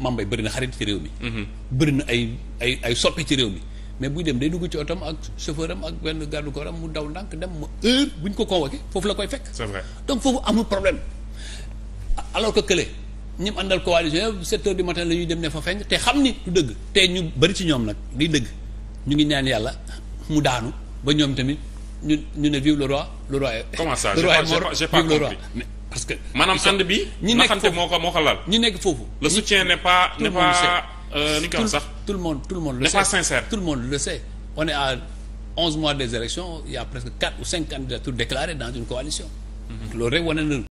mambay bëri na xarit ci réew mi. Mhm. bëri na ay ay ay ci réew mi mais buy dem day dugg ci otom ak chauffeur am ak benn garde corps am mu daw ndànk dem ma heure bu ñu ko convoqué foofu la koy fekk. c'est donc foofu amul problème alors que kële ñi mu àndal coalition yëpp 7 heures du la ñuy dem ne fa feeñ te xam ni du dëgg te ñu bëri ci ñoom nag liy dëgg ñu ngi ñaan yàlla mu daanu ba ñoom tamit ñu ñu ne vive le roi le roi est. comment ça vive le parce que maanaam ànd bi. ñi nekk foofu moo ko moo ko lal. ñi nekk foofu. le soutien n'est pas n'est pas. Euh, ni sax tout le monde tout le monde. le sait on est à onze mois des élections y a presque quatre ou cinq candidatures déclarées dans une coalition. Mm-hmm. loolu rek wane na.